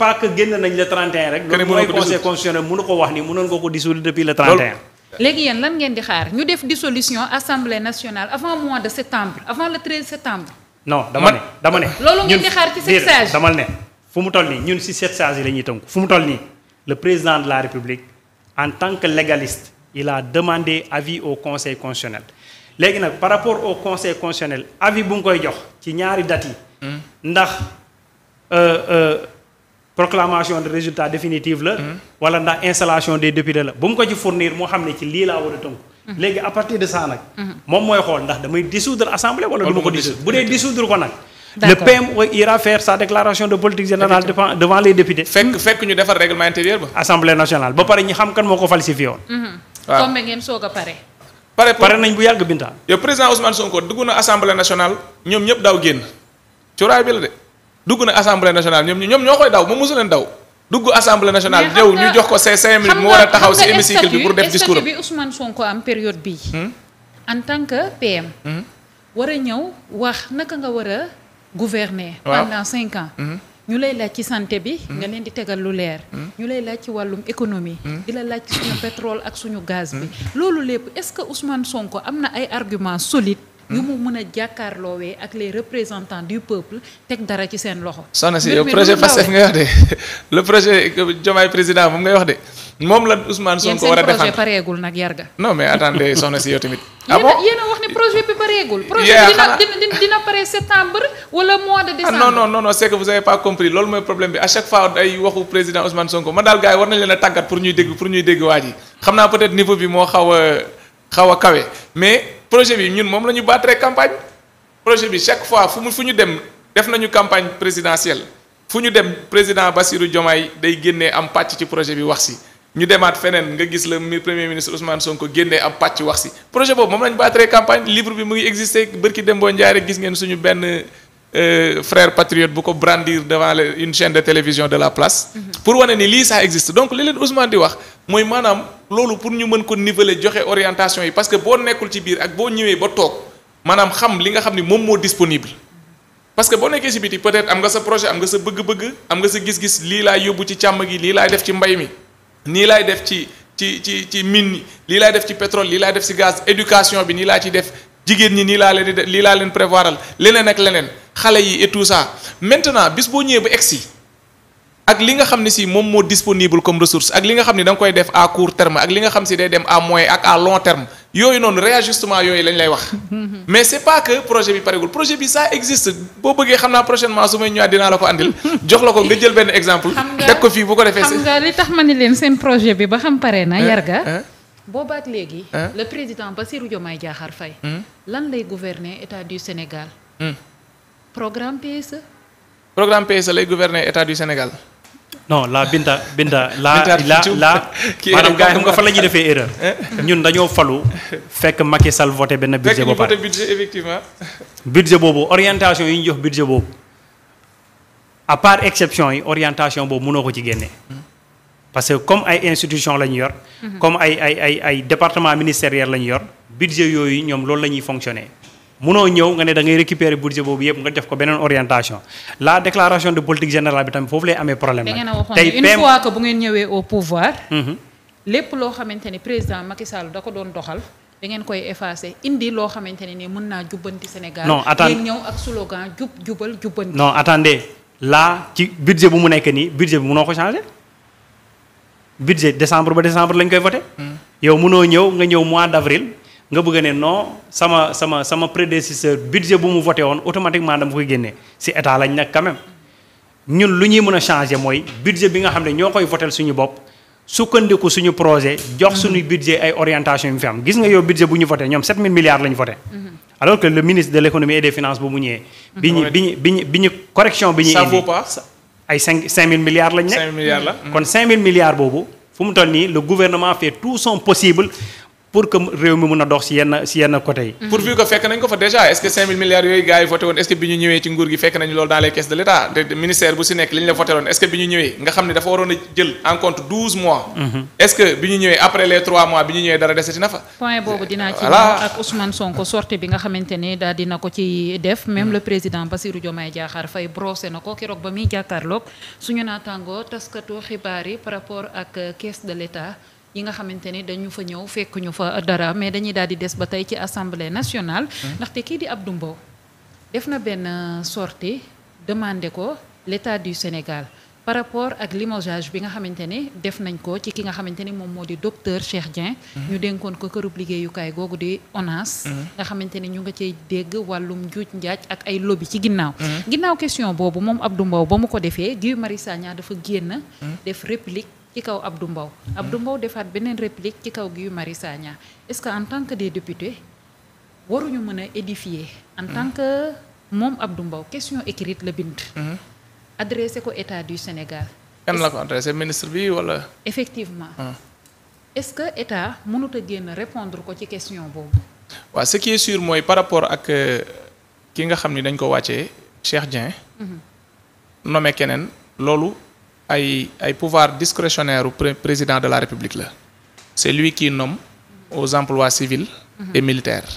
pas que génn nañ le 31 rek. loolu mooy conseil constitutionnel mënu ko wax ni mënoon nga ko dissoudre depuis le 31. léegi yéen lan ngeen di xaar ñu def dissolution assemblée nationale avant mois de septembre avant le 13 septembre. dama ne dama ne. loolu ngeen di xaar ci sept sages dama ne fu mu toll nii ñun si sept sages yi la ñuy tënku fu mu toll nii le président de la république en tant que légaliste il a demandé avis au conseil constitutionnel. léegi nag rapport au conseil constitutionnel bu nga koy jox ci ñaari dates yi. Hmm. ndax. Euh, euh, proclamation de résultat définitive la. Mm-hmm. wala ndax installation des députés la bu mu ko ci fournir moo xam ne ci lii laa war a tënk. Mm-hmm. léegi à de ça nag. Mm-hmm. moom mooy xool ndax damay dissoudre assemblée wala du ko dissoudre bu dee dissoudre ko nag. le PME ira faire sa déclaration de politique générale devant les députés. fekk ñu defar règlement intérieur ba. assemblée nationale ba pare ñi xam kan moo ko falsifié woon. waaw comme ngeen soog a pare. pare dugg na assemblée nationale ñoom ñoom ñoo koy daw moom mosu leen daw. dugg assemblée nationale ñëw ñu jox ko ses cinq minutes mu war a taxaw si hémicycle bi pour def discours am période bii. Hmm? en tant que PM. Hmm? war a ñëw wax naka nga war a gouverner. pendant cinq ans. Hmm? ñu lay laaj ci santé bi. nga leen di tegal lu leer. ñu lay laaj ci wàllum économie. di la laaj ci suñu pétrole ak suñu gaz bi. loolu lépp est-ce que Ousmane Sonko am na ay arguments solides. yu mu mën a jàkkaarloowee ak les teg dara ci seen loxo. soxna si projet Pastef ngay wax de le président moom ngay wax de. moom la Ousmane Sonko war a defar projet pareegul nag yarga. non mais attendez soxna si yow tamit. ah bon yéen a wax ne projet bi pareegul. projet dina dina ah, loolu mooy problème bi à chaque fois ay waxu président Ousmane Sonko man daal gars yi war nañ leen a tàggat pour ñuy dégg pour ñuy dégg waa ji xam naa peut-être niveau bi moo xaw a xaw a kawe mais. projet bi ñun moom la ñu battre campagne projet bi chaque fois fu fu ñu dem def nañu campagne présidentielle fu ñu dem président Bassirou Diomaye day génnee am pàcc ci projet bi wax si ñu demaat feneen nga gis la premier ministre Ousmane ko génnee am pàcc wax si projet boobu moom la ñu battre campagne livre bi mu ngi existé bërki Dembo Ndiaye gis ngeen suñu benn euh, frère patriote bu ko brandir devant une chaîne de télévision de la place. Mm-hmm. pour wane ni lii ça existe donc li leen Ousmane di wax mooy maanaam loolu pour ñu mën ko niveler joxe orientation yi parce que boo nekkul ci biir ak boo ñëwee ba toog maanaam xam li nga xam ni moom moo disponible parce que boo nekkee ci biti peut am nga sa projet am nga sa bëgg-bëgg am nga sa gis-gis lii laay yóbbu ci càmm gi lii laay def ci mbay nii laay def ci ci ci ci mine lii laay def ci pétrole lii laay def ci éducation bi nii laa ci def jigéen ñi nii laa leen di lii laa leen prévoiral leneen ak leneen xale yi et tout ça maintenant bis boo ñëwee ba egsi ak li nga xam ne si moom moo disponible comme ressource ak li nga xam ne da nga koy def à court terme ak li nga xam si day dem à moyen ak à long terme yooyu noonu réajustement yooyu lañ lay wax. mais c'est pas que projet bi paregul projet bi ça existe boo bëggee xam naa prochainement su may ñëwaat dinaa la ko andil. jox la ko nga jël benn exemple. teg ko fii bu ko defee xam nga li tax ma ni leen seen projet bi ba xam pare na yarga boobaak léegi. le président Bassirou Diomaye Diakhar Faye. lan lay gouverner état du Sénégal. programme PSE. programme PSE lay gouverner état du non la Binta Binta la la la maanaam gars nga fa la ñuy defee erreur eh? ñun dañoo falu fekk Macky Sall voté benn budget ba pare effectivement budget boobu orientation yi ñu jox budget boobu à part exception yi orientation boobu mënoo ko ci génne parce que comme ay institution la ñu yor mhm. comme ay ay ay ay département ministériel la ñu yor budget yooyu ñoom loolu la ñuy fonctionner munoo ñëw nga ne dangay ngay récupérer budget boobu yëpp nga def ko beneen orientation la déclaration de politique générale bi tamit foofu lay amee problème nag tey une fois mhm. lépp loo xamante ne président Macky Sall da ko doon doxal da ngeen koy effacé indi loo xamante ne nii mën naa jubbanti Sénégal non attendez ngeen ñëw ak slogan jub jubal jubbanti non attendez là ci budget bu mu nekk nii budget bi munoo ko changé budget décembre ba décembre lañ koy voté hmm. yow munoo ñëw nga ñëw mois d' avril nga bëgg ne non sama sama sama prédécesseur budget bu mu voté woon automatiquement dama koy génne si état lañ nag quand même ñun lu ñuy mën a changer mooy budget bi nga xam ne ñoo koy votel suñu bopp sukkandiku suñu projet jox mm-hmm. suñu budget ay orientation yu mu fi am gis nga yow budget bu ñu voté ñoom 7000 milliards la ñu voté mm-hmm. alors que le ministre de l' économie et des finances bu mu ñëwee bi ñu mm-hmm. bi ñu bi ñu bi ñu correction bi ñuy indi ay 5 5000 milliards lañ nekk kon 5000 milliards boobu fu mu toll nii le gouvernement fait pour que réew mi mun a dox si yenn si yenn côté yi. pourvu que fekk nañ ko fa déjà est-ce milliards yooyu gars yi voté woon est-ce que bi ñu ñëwee ci nguur gi fekk nañ loolu dans les caisses de l'État ministère bu si nekk li la voté woon est-ce que bi ñu ñëwee nga xam ne dafa waroon a jël en compte 12 mois. Mhm. est-ce que bi ñu ñëwee après les 3 mois bi ñu ñëwee dara desati fa. point boobu dinaa ci ak Ousmane Sonko sortie bi nga xamante ne yi nga xamante ne dañu fa ñëw fekkuñu fa dara mais dañuy daal di des ba tey ci assemblée nationale. ndaxte kii di Abdou Mbow. def na benn euh, sortie demandé ko l'état du Sénégal par rapport ak limogeage bi nga xamante ne def nañ ko ci ki nga xamante ne moom moo di docteur Cheikh Dieng. ñu denkoon ko këru liggéeyukaay googu di ONAS. nga xamante ne ñu nga cay dégg wàllum njuuj njaaj ak ay lobby ci ginnaaw. ginnaaw question boobu moom Abdou Mbow ba mu ko defee Guy Marius dafa génn. def réplique. ci kaw Abdou Mbow Abdou mm. mbaw defaat beneen réplique ci kaw Guy Marius Sagna est-ce que en tant que de députés waruñu mën a édifier en mm. tant que moom Abdou mbaw question écrite la bind mm. adressé ko état du Sénégal kan la ko adressé ministre bi wala effectivement est-ce que état mënut a génn répondre ko ci question boobu waa ce qui est mooy par rapport ak euh, ki nga xam ni dañ ko wàcce Cheikh Dieng mm-hmm. nommé keneen loolu ay ay pouvoir discrétionnaire au président de la république la c'est lui qui nomme aux emplois civils mhm. et militaires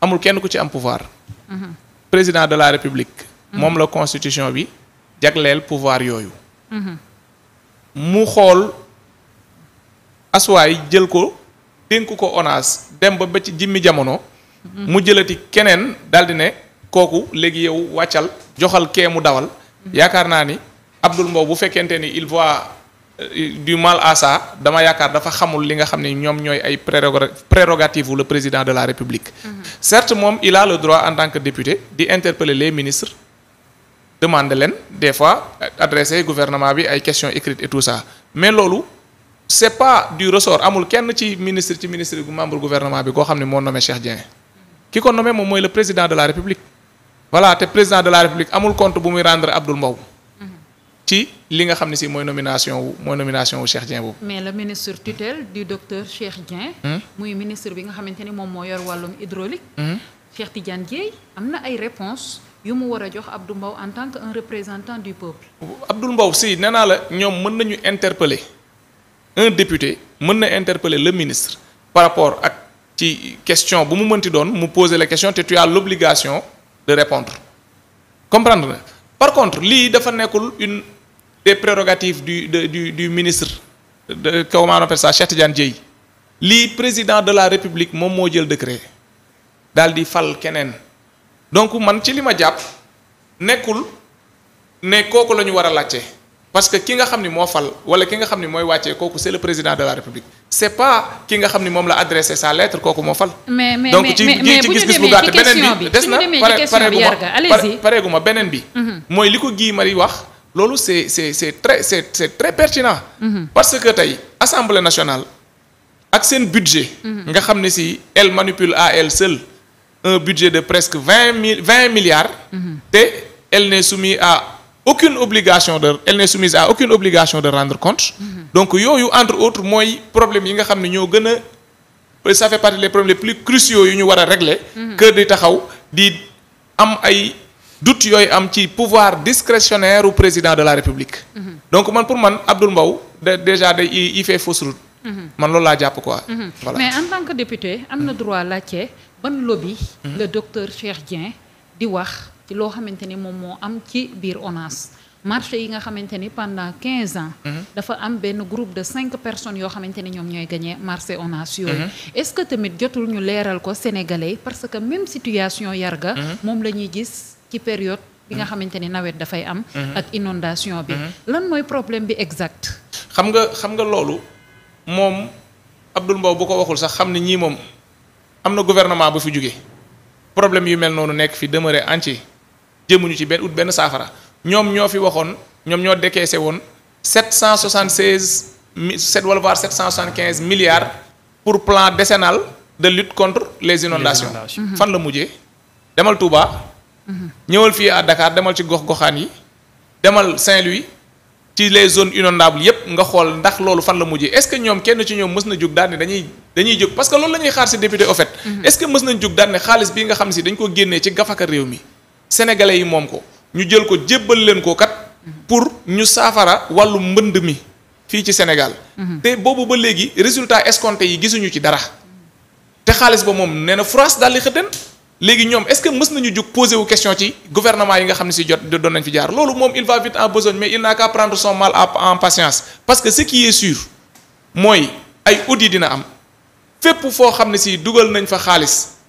amul kenn ku ci am pouvoir mhm. président de la république mhm. moom la constitution bi jagleel pouvoir yooyu mu xool asuwaay jël ko dénk ko ONAS dem ba ba ci jimmi jamono mu jëlati keneen daldi ne kooku léegi yow wàccal joxal kee dawal yaakaar naa ni Abdoul Mbow bu fekkente ni il voit euh, du mal à ça dama yaakaar dafa xamul li nga xam ni ñoom ñooy ay prérogatives le président de la république. Mm-hmm. certes moom il a le droit en tant que député di interpeller les ministres demande leen des fois adresser gouvernement bi ay questions écrites et tout ça mais loolu c' est pas du ressort amul kenn ci ministre ci ministre bu membre gouvernement bi koo xam ne moo nommé Cheikh Dieng. ki ko nommé moom mooy le président de la république. voilà te président de la république bu muy rendre Abdoul Mbow. ci li nga xam ne si mooy nomination wu mooy nomination wu Cheikh Dieng boobu. mais le ministre tutelle du docteur Cheikh Dieng. Hmm? muy ministre bi nga xamante ni moom moo yor wàllum hydraulique. Hmm? Cheikh Tidiane Dièye am na ay réponses yu mu war a jox Abdou Mbow en tant que un représentant du peuple. Abdou Mbow si nee naa la ñoom mën nañu interpeller un député mën na interpeller le ministre par rapport ak ci question bu mu mënti doon mu poser la question te tu as l'obligation des prérogatives du de, du du ministre de comment on appelle ça Cheikh Tidiane Dièye président de la république moom moo jël décret daal di fal keneen donc man ci li ma jàpp nekkul ne kooku la ñu war a laajte parce que ki nga xam ni moo fal wala ki nga xam ni mooy wàcce kooku c'est le président de la république c'est pas ki nga xam ni moom la adressé sa lettre kooku moo fal. mais mais donc ci ci gis-gis bu gàtt beneen bi des na pareegu ma pareegu bi. Mhm. mooy li ko Guy Marie wax. loolu c'est c'est c'est très c'est c'est très pertinent. Mhm. parce que tey assemblée nationale ak seen budget. Mhm. nga xam ne si elle manipule à elle seule un budget de presque vingt mille vingt milliards. Mhm. te elle n'est soumise à aucune obligation de elle n'est soumise de rendre compte. donc yooyu entre autres mooy problème yi nga xam ne ñoo gën a ça fait partie des problèmes les plus cruciaux yu ñu war a régler. que di taxaw di am ay. doute yooyu am ci pouvoir discrétionnaire au président de la république. Mm-hmm. donc man pour man Abdoul Mbow de déjà day il fait fausse route. Mm-hmm. man loolu laa jàpp quoi. Mm-hmm. voilà mais en tant que député am na droit laajte ban lobby. le docteur Cheikh Dieng di wax ci loo xamante ni moom moo am ci biir ONAS. marché yi nga xamante ni pendant quinze ans mhm. dafa am benn groupe de cinq personnes yoo xamante ni ñoom ñooy gagné on ONAS yooyu mhm. est-ce que tamit jotul ñu leeral ko sénégalais parce que même situation ga mhm. moom la ñuy gis ci période bi nga xamante ni nawet dafay am ak inondation bi lan mooy problème bi exact xam nga xam nga loolu moom Abdoul Mbow bu ko waxul sax xam ni ñii moom am na gouvernement bu fi jóge problème yu mel noonu nekk fi demeuré entier jëmuñu ci benn ut benn saafara ñoom ñoo fi waxoon ñoom ñoo décaissé woon 776 mi 7 wala voire 775 milliards pour plan décennal de lutte contre les inondations mhm. fan la mujjee demal Touba. Mhm. ñëwal fii à demal ci gox-goxaan yi demal Saint-Louis ci les zones inondables yépp nga xool ndax loolu fan la mujjee est-ce que ñoom kenn ci ñoom mës na jóg daal ne dañuy dañuy jóg parce que loolu la ñuy xaar ci député au fait. Mhm. est-ce que mës nañ jóg daal xaalis bii nga xam si dañ ko génnee ci gafaka réew mi sénégalais yi moom ko. ñu jël ko jébbal leen ko kat pour ñu saafara wàllu mbënd mi fii ci Sénégal mhm. te boobu ba léegi résultat escompté yi gisuñu ci dara te xaalis ba moom nee na France daal di léegi ñoom est-ce que mës nañu jóg posé wu question ci gouvernement yi nga xam ne si jot doo nañ fi jaar loolu moom il va vite en besogne mais il n'a qu'à prendre son mal en patience parce que ce qui est mooy ay yi dina am fépp foo xam ne si dugal nañ fa xaalis